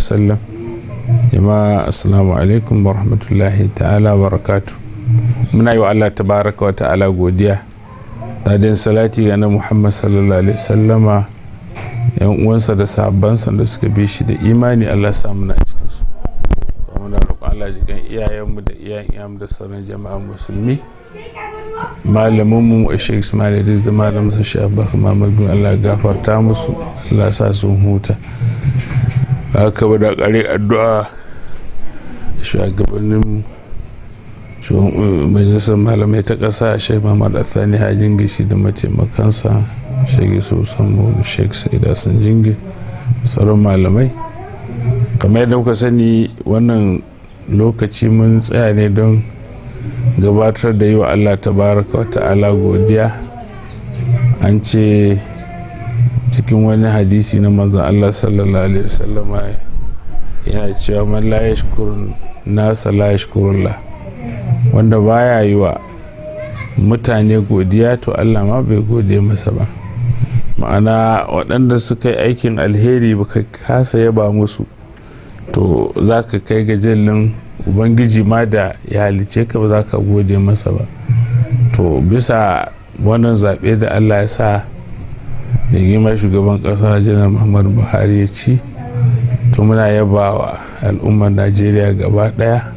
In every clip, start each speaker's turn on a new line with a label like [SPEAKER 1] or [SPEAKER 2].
[SPEAKER 1] wasallam jama'a assalamu alaikum wa rahmatullahi ta'ala barakatu muna yi wa Allah tabaraka wa ta'ala godiya tadin salati ga na Muhammad sallallahu alaihi wasallama yan uwansa da sahabbansa da suka bi shi da imani Allah sa muna cikinsu su kuma muna roƙon Allah ji kan iyayenmu da iyayen iyayenmu da sauran jama'a musulmi malaminmu a sheikh ismail idris da malamin shi abubakar mamadu allah gafarta musu allah sa sun huta haka ba da kare addu'a shugabannin majalisar malamai ta ƙasa sheikh muhammad athani hajin gishi da mataimakansa sheikh su sambo da sa'ida sun jingi sauran malamai kamar yadda kuka sani wannan lokaci mun tsaya ne don gabatar da yi wa allah baraka wata ala godiya an ce cikin wani hadisi na manzan Allah sallallahu alaihi wasallama yana cewa man la yashkurun nasa la yashkurullah wanda baya yi wa mutane godiya to Allah ma bai gode masa ba ma'ana waɗanda suka yi aikin alheri baka kasa yaba musu to za ka kai ga ubangiji ma da ya halice ka ba za ka gode masa ba to bisa wannan zaɓe da Allah ya sa mai girma shugaban ƙasa janar muhammad buhari ya ci to muna yaba wa al'ummar najeriya gaba ɗaya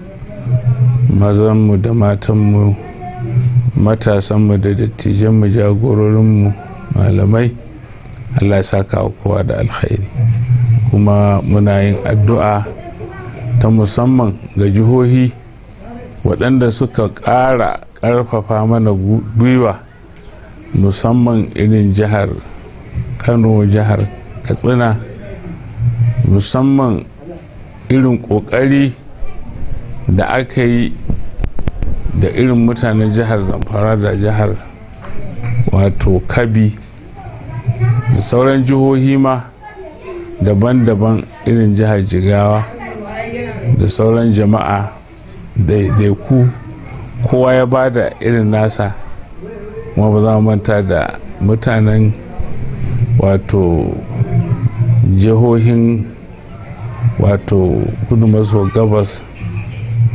[SPEAKER 1] mazanmu da matanmu matasanmu da dattijanmu jagororinmu malamai allah ya saka kowa da alkhairi kuma muna yin addu'a ta musamman ga jihohi waɗanda suka ƙara ƙarfafa mana gwiwa musamman irin jihar kano jihar katsina musamman irin kokari da aka yi da irin mutanen jihar zamfara da jihar wato kabi da sauran jihohi ma daban-daban irin jihar jigawa da sauran jama'a daidaiku kowa ya ba da irin nasa kuma ba za manta da mutanen wato jihohin wato kudu maso gabas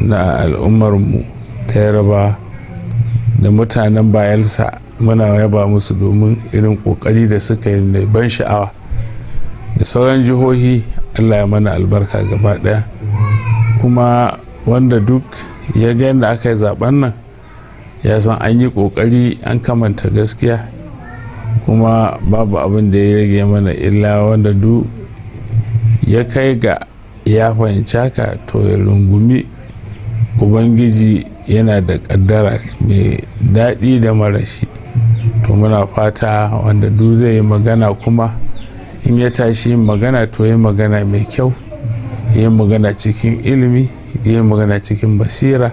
[SPEAKER 1] na al'ummarmu ta yaraba da mutanen bayelsa muna yaba musu domin irin kokari da suka yi mai ban sha'awa da sauran jihohi allah ya mana albarka gaba daya kuma wanda duk ya ga yadda aka yi zaben nan ya san an yi kokari an kamanta gaskiya kuma babu abin da ya rage mana illa wanda du ya kai ga ya fahimci ka to ya rungumi ubangiji yana da kaddara mai daɗi da marashi to muna fata wanda du zai yi magana kuma in ya tashi yin magana to yi magana mai kyau yi magana cikin ilimi yi magana cikin basira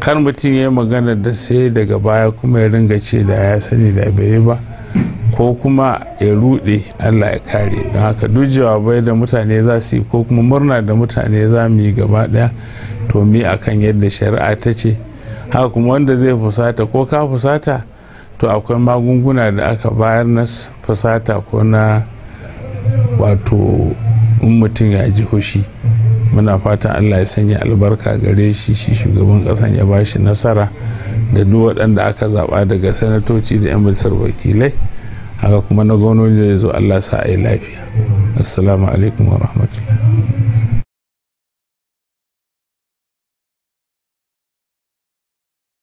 [SPEAKER 1] kar mutum ya yi magana da sai daga baya kuma ya ringa ce da ya sani da bai yi ba ko kuma ya rude allah ya kare don haka duk jawabai da mutane za su yi ko kuma murna da mutane za mu yi gaba daya to mi akan yadda shari'a ta ce haka kuma wanda zai fusata ko ka fusata to akwai magunguna da aka bayar na fusata ko na wato in mutum ya ji hushi muna fatan allah ya sanya albarka gare shi shi shugaban kasan ya ba shi nasara da duk waɗanda aka zaɓa daga sanatoci da 'yan wakilai haka kuma na gano da ya zo allah sa a yi lafiya assalamu alaikum wa rahmatullahi